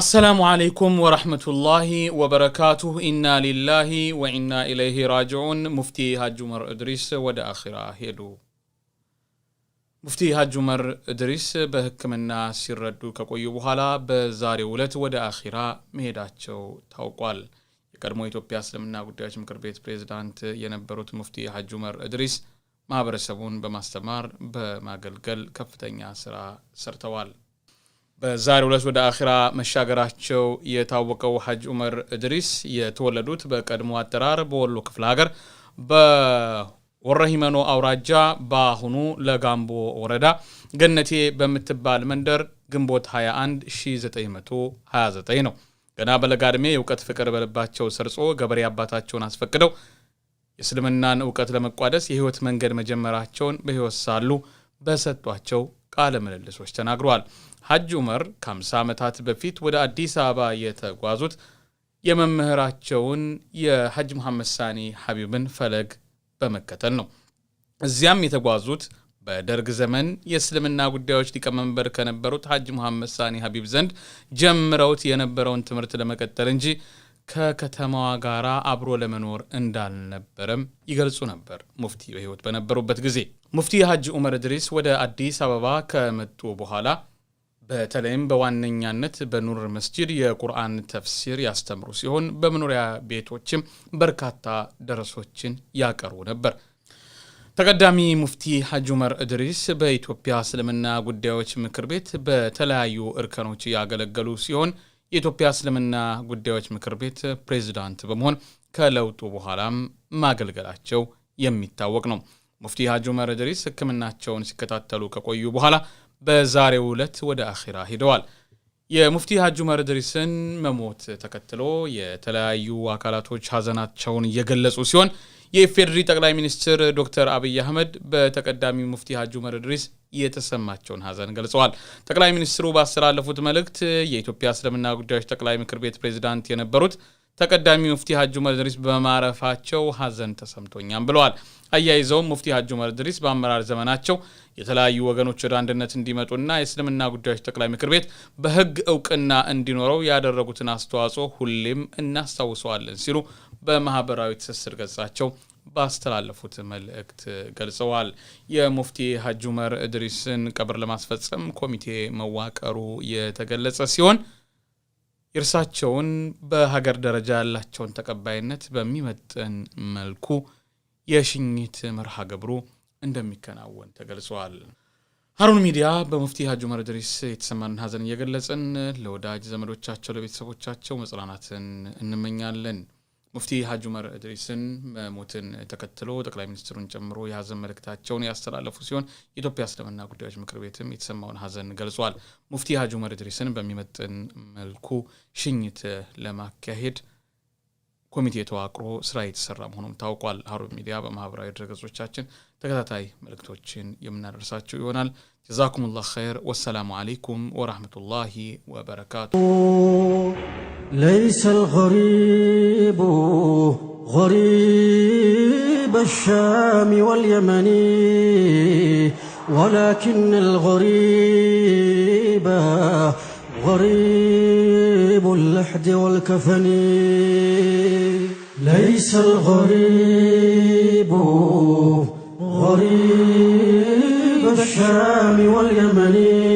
አሰላሙ አለይኩም ወረህመቱላሂ ወበረካቱሁ ኢና ሊላሂ ወኢና ኢለይህ ራጅዑን። ሙፍቲ ሀጅ ዑመር እድሪስ ወደ አኺራ ሄዱ። ሙፍቲ ሀጅ ዑመር እድሪስ በህክምና ሲረዱ ከቆዩ በኋላ በዛሬው ዕለት ወደ አኺራ መሄዳቸው ታውቋል። የቀድሞ ኢትዮጵያ እስልምና ጉዳዮች ምክር ቤት ፕሬዝዳንት የነበሩት ሙፍቲ ሀጅ ዑመር እድሪስ ማህበረሰቡን በማስተማር በማገልገል ከፍተኛ ስራ ሰርተዋል። በዛሬ ዕለት ወደ አኺራ መሻገራቸው የታወቀው ሐጅ ዑመር እድሪስ የተወለዱት በቀድሞ አጠራር በወሎ ክፍለ ሀገር በወረሂመኖ አውራጃ በአሁኑ ለጋምቦ ወረዳ ገነቴ በምትባል መንደር ግንቦት 21 1929 ነው። ገና በለጋ ዕድሜ የእውቀት ፍቅር በልባቸው ሰርጾ ገበሬ አባታቸውን አስፈቅደው የእስልምናን እውቀት ለመቋደስ የህይወት መንገድ መጀመራቸውን በህይወት ሳሉ በሰጧቸው ቃለ ምልልሶች ተናግረዋል። ሐጅ ዑመር ከ50 ዓመታት በፊት ወደ አዲስ አበባ የተጓዙት የመምህራቸውን የሐጅ መሐመድ ሳኒ ሐቢብን ፈለግ በመከተል ነው። እዚያም የተጓዙት በደርግ ዘመን የእስልምና ጉዳዮች ሊቀመንበር ከነበሩት ሐጅ መሐመድ ሳኒ ሐቢብ ዘንድ ጀምረውት የነበረውን ትምህርት ለመቀጠል እንጂ ከከተማዋ ጋር አብሮ ለመኖር እንዳልነበረም ይገልጹ ነበር። ሙፍቲ በሕይወት በነበሩበት ጊዜ ሙፍቲ የሐጅ ዑመር እድሪስ ወደ አዲስ አበባ ከመጡ በኋላ በተለይም በዋነኛነት በኑር መስጂድ የቁርአን ተፍሲር ያስተምሩ ሲሆን በመኖሪያ ቤቶችም በርካታ ደረሶችን ያቀርቡ ነበር። ተቀዳሚ ሙፍቲ ሐጅ ዑመር እድሪስ በኢትዮጵያ እስልምና ጉዳዮች ምክር ቤት በተለያዩ እርከኖች ያገለገሉ ሲሆን የኢትዮጵያ እስልምና ጉዳዮች ምክር ቤት ፕሬዚዳንት በመሆን ከለውጡ በኋላም ማገልገላቸው የሚታወቅ ነው። ሙፍቲ ሐጅ ዑመር እድሪስ ሕክምናቸውን ሲከታተሉ ከቆዩ በኋላ በዛሬው ዕለት ወደ አኺራ ሄደዋል። የሙፍቲ ሀጂ ዑመር ኢድሪስን መሞት ተከትሎ የተለያዩ አካላቶች ሀዘናቸውን እየገለጹ ሲሆን የኢፌዴሪ ጠቅላይ ሚኒስትር ዶክተር አብይ አህመድ በተቀዳሚ ሙፍቲ ሀጂ ዑመር ኢድሪስ የተሰማቸውን ሀዘን ገልጸዋል። ጠቅላይ ሚኒስትሩ ባስተላለፉት መልእክት የኢትዮጵያ እስልምና ጉዳዮች ጠቅላይ ምክር ቤት ፕሬዚዳንት የነበሩት ተቀዳሚ ሙፍቲ ሀጅ ዑመር እድሪስ በማረፋቸው ሀዘን ተሰምቶኛም ብለዋል። አያይዘውም ሙፍቲ ሀጅ ዑመር እድሪስ በአመራር ዘመናቸው የተለያዩ ወገኖች ወደ አንድነት እንዲመጡና የእስልምና ጉዳዮች ጠቅላይ ምክር ቤት በህግ እውቅና እንዲኖረው ያደረጉትን አስተዋጽኦ ሁሌም እናስታውሰዋለን ሲሉ በማህበራዊ ትስስር ገጻቸው ባስተላለፉት መልእክት ገልጸዋል። የሙፍቲ ሀጅ ዑመር ድሪስን ቀብር ለማስፈጸም ኮሚቴ መዋቀሩ የተገለጸ ሲሆን የእርሳቸውን በሀገር ደረጃ ያላቸውን ተቀባይነት በሚመጥን መልኩ የሽኝት መርሃ ግብሩ እንደሚከናወን ተገልጿል። ሀሩን ሚዲያ በሙፍቲ ሀጂ ዑመር የተሰማንን ሀዘን እየገለጽን ለወዳጅ ዘመዶቻቸው፣ ለቤተሰቦቻቸው መጽናናትን እንመኛለን። ሙፍቲ ሀጅ ዑመር እድሪስን መሞትን ተከትሎ ጠቅላይ ሚኒስትሩን ጨምሮ የሀዘን መልእክታቸውን ያስተላለፉ ሲሆን የኢትዮጵያ እስልምና ጉዳዮች ምክር ቤትም የተሰማውን ሀዘን ገልጿል። ሙፍቲ ሀጅ ዑመር እድሪስን በሚመጥን መልኩ ሽኝት ለማካሄድ ኮሚቴ ተዋቅሮ ስራ የተሰራ መሆኑም ታውቋል። ሀሩን ሚዲያ በማህበራዊ ድረገጾቻችን ተከታታይ መልእክቶችን የምናደርሳቸው ይሆናል። ጀዛኩም ላሁ ኸይር። ወሰላሙ አሌይኩም ወራህመቱላሂ ወበረካቱ። ليس الغريب غريب الشام واليمن ولكن الغريب غريب اللحد والكفن ليس الغريب غريب الشام واليمن